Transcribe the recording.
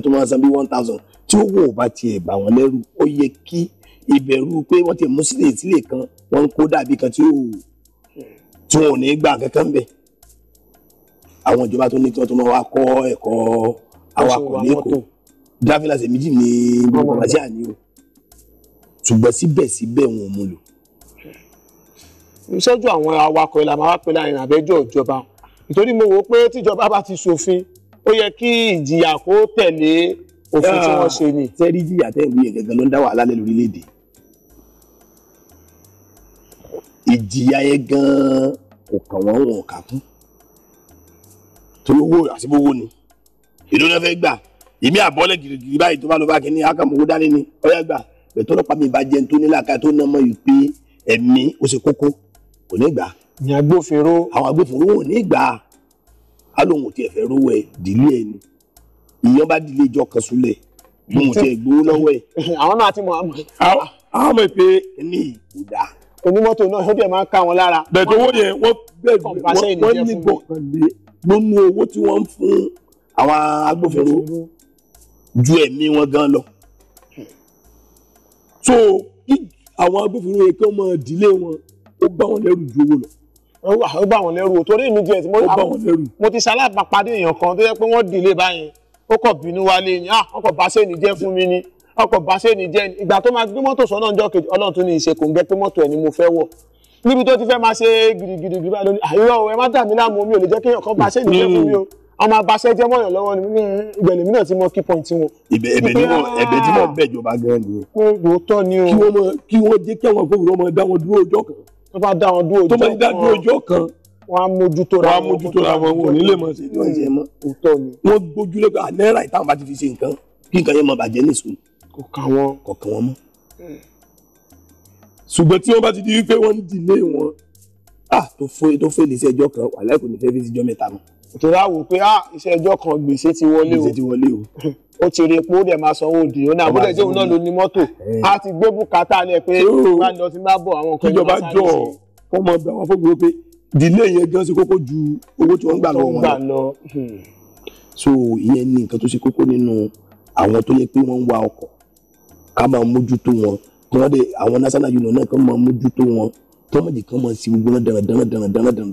tó máa san bí one thousand tí owó ò bá tiẹ̀ bà wọ́n lẹ́rù ó yẹ kí ìbẹ̀rù pé wọ́n ti mú sílẹ̀ sílẹ̀ kan wọ́n ń kó dàbí kan tí wọn ò ní gbà kankan bẹ̀. àwọn ìjọba tó ní tí wọ́n tó máa wá kọ́ ẹ̀kọ́ awakọ̀ lẹ́kọ̀ọ́ dráfílà ṣe méjì ní gbogbo àti àní o ṣùgbọ́n síbẹ̀síbẹ̀ wọn ò mú lò. ìṣẹ́jú àwọn awakọ̀ ìlànà awakọ̀ ìlànà àbẹ́jọ́ ìjọba nítorí mo wò ó pé tíjọba bá ti ṣòfin ó yẹ kí ìjìyà kó tẹ̀lé òfin tí wọ́n ṣe ni. sẹ́rí jìyà tẹ́ ìwé yẹn gẹ́gẹ́ ló ń dá wàhálà lẹ́ lórílẹ̀‐èdè ìjìyà yẹn gan-an kò kàn wọ́n wọn kà kún torí owó àṣìbówó ni èdè ló fẹ́ gbà èmi àbọ̀lẹ̀ gidigidi báyìí tó bá lọ bá kínní akamọ̀wó dání ni ọ̀yà gbà bẹ̀tọ́ lọ́pàá mi bá jẹun tó ní làákà tó ná mọ́ yìí pé ẹ̀mí ó ṣe kókó kò ní gbà. ní agbófinró. àwọn agbófinró ò ní gbà á lóun ò tiẹ̀ fẹ́ rówó ẹ̀ dílé ẹ̀ ni ìyẹn bá dílé ìjọ kan súnlẹ̀ lóun ò tiẹ̀ gbowó lọ́wọ́ ẹ̀. àwọn náà ti mọ àmọ́. àwọn mọ̀ pé ní kò dáa. onímọ́tò náà ó dẹ̀ máa ń ká wọn lára. bẹ̀tẹ̀ owó yẹn wọ́n bẹ̀rẹ̀ wọ́n ní gbọ̀kànlé nínú owó tí wọ́n ń fún àwọn agbófinró ju ẹ̀mí wọn gan lọ. so àwọn agbófinró yẹn kí wọ́n máa dílé wọn ó gbá wọn lẹ́rù ju owó lọ ó gbà wọ́n lẹ́rù torí mi díẹ̀ tí mo ti ṣalábàpàdé èèyàn kan tó yẹ pé wọ́n dìlé báyìí ó kọ̀ bínú wálé ni ah, ọkọ̀ báṣẹ́ ni jẹ́ fún mi ni ọkọ̀ báṣẹ́ ni jẹ́ ìgbà tó máa gbé mọ́tò sọ́nà ọjọ́ kejì ọlọ́run tún ní ìṣe kò ń gẹ́ pé mọ́tò ẹ̀ ni mo fẹ́ wọ̀ níbi tó ti fẹ́ máa ṣe gidigidi gidi báyìí lónìí àyíwá ẹ má dà mí láàmú omi ò lè jẹ́ kéèyàn kan báṣẹ́ ni jẹ́ fún mi o ọmọ abáṣẹ́ jẹ́ mọ́yàn lọ́wọ́ ni ìgbẹ̀lẹ̀ mi náà ti mọ kí point wọn. ẹ̀bẹ̀ ni wọn ẹ̀bẹ̀ tí wọn bẹ̀ jọba gan kó o tọ́ ni o. kí wọ́n jẹ́ kí àwọn akọ̀wé ọmọ ẹ̀dá wọn dúró ọjọ́ kan tó bá dá wọn dúró ọjọ́ kan tó bá dá dúró ọjọ́ kan wọn á mójútó ra wọn mójútó ra wọn wọn ò ní lè mọ sí ní oúnjẹ mọ. òótọ́ ni. wọ́n gbójúlé pé náírà ìtàn bá ti fi ṣe nǹkan kí nǹkan yẹn máa bàjẹ́ nìṣó. kò kàn wọ́n. kò kàn wọ́n mọ́. ṣùgbọ́n tí wọ́n bá ti di wípé wọ́n ń dìlé wọn ah tó fẹ́ tó fẹ́ lè ṣe ẹjọ́ kan wàhálà kò ní fẹ́ fi ṣe ẹjọ́ mẹ́ta mọ́. òtò láwùjọ pé ah iṣẹ́ ẹjọ́ kan gbèsè o. gbèsè ti wọlé o. ó ti rí epo ó dẹ̀ máa sanwó òdì ó ní àbúlẹ̀ tí òun náà ló ní mọ́tò a ti gbé bùkátà lẹ̀ pé bá lọ sí bá bọ̀ àwọn nǹkan ìjọba jọ wọ́n mọ àwọn fóònù pé dìlé yẹn gan ṣe kókó ju owó tí wọ́n gbà lọ wọn hmm. lọ so ìyẹn ni nǹkan tó ṣe kókó nínú àwọn tó yẹ pé wọ́n ń wa ọkọ̀ ká máa mójútó wọn kí wọ́n dé àwọn national union náà kán máa mójútó wọn kí wọ́n mọ̀ jẹ́ kán máa ṣe gbogbo náà dáradára dáradára.